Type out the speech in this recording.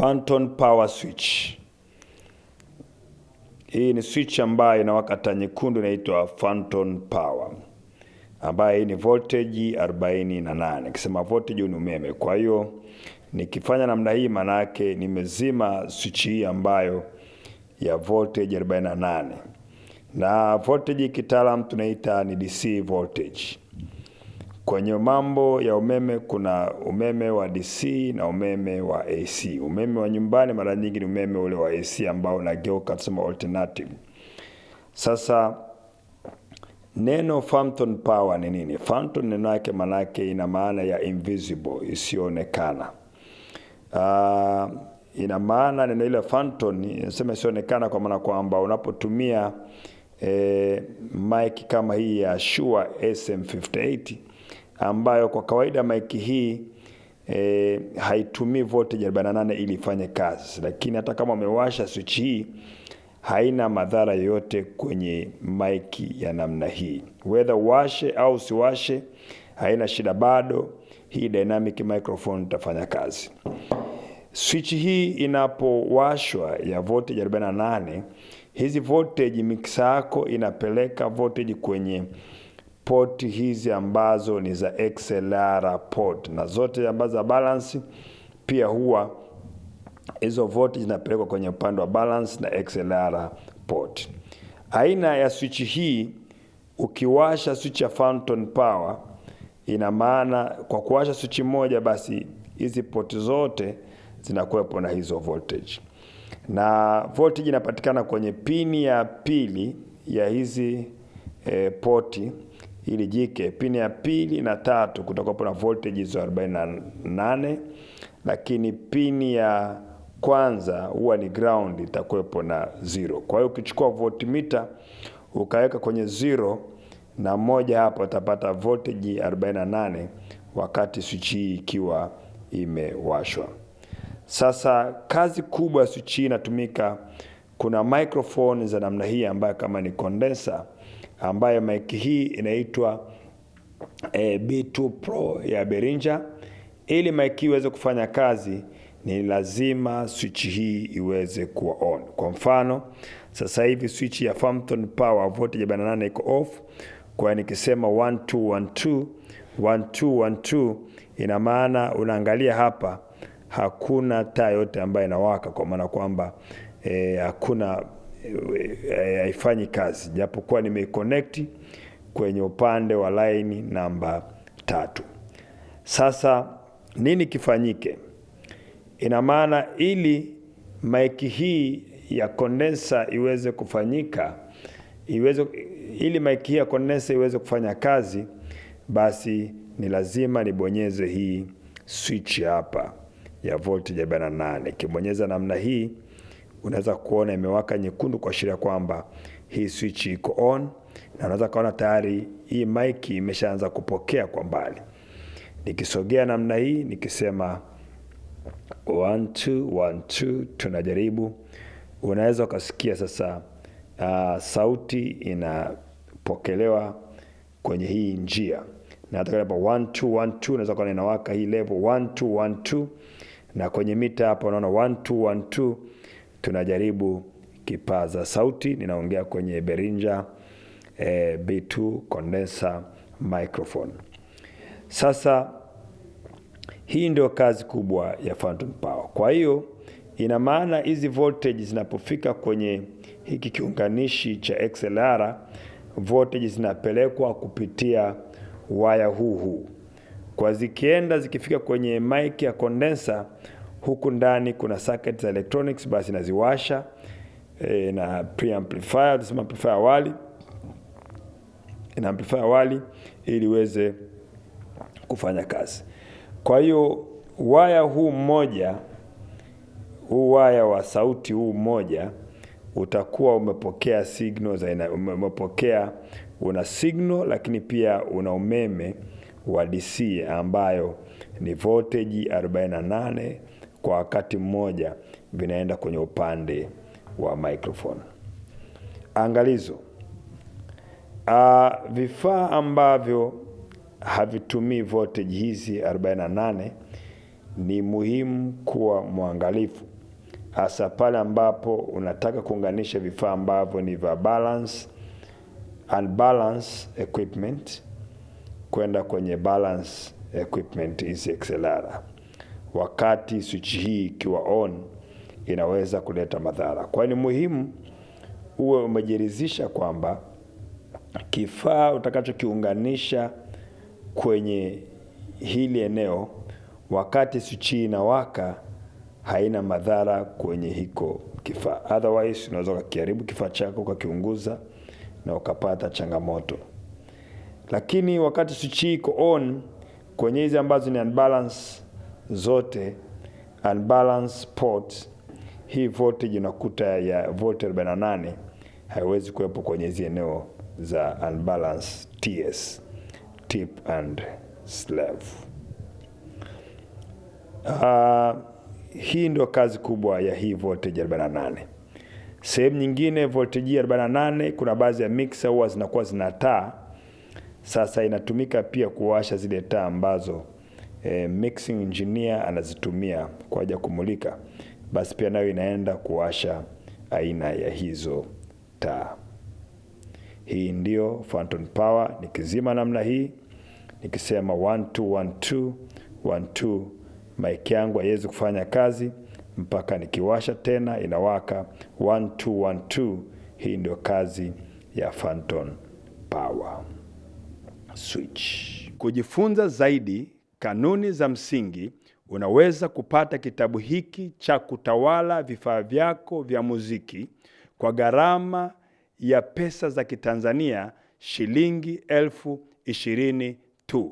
phantom power switch. Hii ni switch ambayo inawaka taa nyekundu inaitwa phantom power, ambayo hii ni voltage 48. Nikisema voltage ni umeme. Kwa hiyo nikifanya namna hii, maana yake nimezima switch hii ambayo ya voltage 48, na voltage kitaalamu tunaita ni DC voltage. Kwenye mambo ya umeme kuna umeme wa DC na umeme wa AC. Umeme wa nyumbani mara nyingi ni umeme ule wa AC ambao unageuka tuseme alternative. Sasa neno phantom power ni nini? Phantom neno yake manake ina maana ya invisible, isiyoonekana. Uh, ah, ina maana neno ile phantom inasema isionekana, kwa maana kwamba unapotumia eh, mic kama hii ya Shure SM58 ambayo kwa kawaida maiki hii e, haitumii voltage 48 ili ifanye kazi, lakini hata kama umewasha switch hii haina madhara yoyote kwenye maiki ya namna hii, whether washe au usiwashe, haina shida bado. Hii dynamic microphone itafanya kazi. Switch hii inapowashwa ya voltage 48, hizi voltage mixer yako inapeleka voltage kwenye port hizi ambazo ni za XLR port, na zote ambazo za balance pia huwa hizo voltage zinapelekwa kwenye upande wa balance na XLR port. Aina ya switch hii, ukiwasha switch ya phantom power, ina maana kwa kuwasha switch moja, basi hizi poti zote zinakuwepo na hizo voltage, na voltage inapatikana kwenye pini ya pili ya hizi eh, poti ili jike. Pini ya pili na tatu kutakuwa na voltage za 48, lakini pini ya kwanza huwa ni ground, itakuwepo na zero. Kwa hiyo ukichukua voltmeter ukaweka kwenye zero na moja hapo, utapata voltage 48 wakati switch hii ikiwa imewashwa. Sasa kazi kubwa ya swichi hii inatumika, kuna microphone za namna hii ambayo kama ni condenser ambayo mic hii inaitwa e, eh, B2 Pro ya Behringer. Ili mic hii iweze kufanya kazi ni lazima switch hii iweze kuwa on. Kwa mfano sasa hivi switch ya Phantom Power voltage ya 48 iko off. Kwa hiyo nikisema 1212 1212 ina maana unaangalia hapa hakuna taa yote ambayo inawaka, kwa maana kwamba e, hakuna haifanyi kazi, japokuwa nimeiconnect kwenye upande wa line namba tatu. Sasa nini kifanyike? Ina maana ili maiki hii ya kondensa iweze kufanyika iweze, ili maiki hii ya kondensa iweze kufanya kazi, basi ni lazima nibonyeze hii switch hapa ya ya 48. Ikibonyeza namna hii unaweza kuona imewaka nyekundu kuashiria kwamba hii switch iko on, na unaweza kaona tayari hii mic imeshaanza kupokea kwa mbali. Nikisogea namna hii nikisema one two one two, tunajaribu, unaweza ukasikia sasa uh, sauti inapokelewa kwenye hii njia na hata kama 1 2 1 2 unaweza kuona inawaka hii level 1 2 1 2 na kwenye mita hapa unaona 1 2 1 2 tunajaribu kipaza sauti, ninaongea kwenye berinja e, eh, B2 condenser microphone. Sasa hii ndio kazi kubwa ya phantom power. Kwa hiyo ina maana hizi voltage zinapofika kwenye hiki kiunganishi cha XLR, voltage zinapelekwa kupitia waya huu huu, kwa zikienda zikifika kwenye mic ya condenser huku ndani kuna socket za electronics, basi naziwasha e, na preamplifier, tunasema amplifier awali na amplifier wali ili iweze kufanya kazi. Kwa hiyo waya huu mmoja huu waya wa sauti huu mmoja utakuwa umepokea signal za ina, umepokea una signal lakini pia una umeme wa DC ambayo ni voltage 48 kwa wakati mmoja vinaenda kwenye upande wa microphone. Angalizo. Uh, vifaa ambavyo havitumii voltage hizi 48 ni muhimu kuwa mwangalifu, hasa pale ambapo unataka kuunganisha vifaa ambavyo ni vya balance and balance equipment kwenda kwenye balance equipment hizi XLR wakati switch hii ikiwa on inaweza kuleta madhara. Kwa hiyo ni muhimu uwe umejiridhisha kwamba kifaa utakachokiunganisha kwenye hili eneo wakati switch hii inawaka haina madhara kwenye hiko kifaa, otherwise unaweza ukakiharibu kifaa chako ukakiunguza na ukapata changamoto. Lakini wakati switch hii iko on kwenye hizi ambazo ni unbalance zote unbalanced port, hii voltage unakuta ya volt 48 haiwezi kuwepo kwenye hizi eneo za unbalanced TS tip and slave. Uh, ah, hii ndio kazi kubwa ya hii voltage 48. Sehemu nyingine voltage 48, kuna baadhi ya mixer huwa zinakuwa zina taa. Sasa inatumika pia kuwasha zile taa ambazo e, mixing engineer anazitumia kwa ajili ya kumulika, basi pia nayo inaenda kuwasha aina ya hizo taa. Hii ndio phantom power. Nikizima namna hii nikisema one two one two one yangu haiwezi kufanya kazi mpaka nikiwasha tena inawaka one two one Hii ndio kazi ya phantom power switch. Kujifunza zaidi kanuni za msingi, unaweza kupata kitabu hiki cha kutawala vifaa vyako vya muziki kwa gharama ya pesa za Kitanzania shilingi elfu ishirini tu.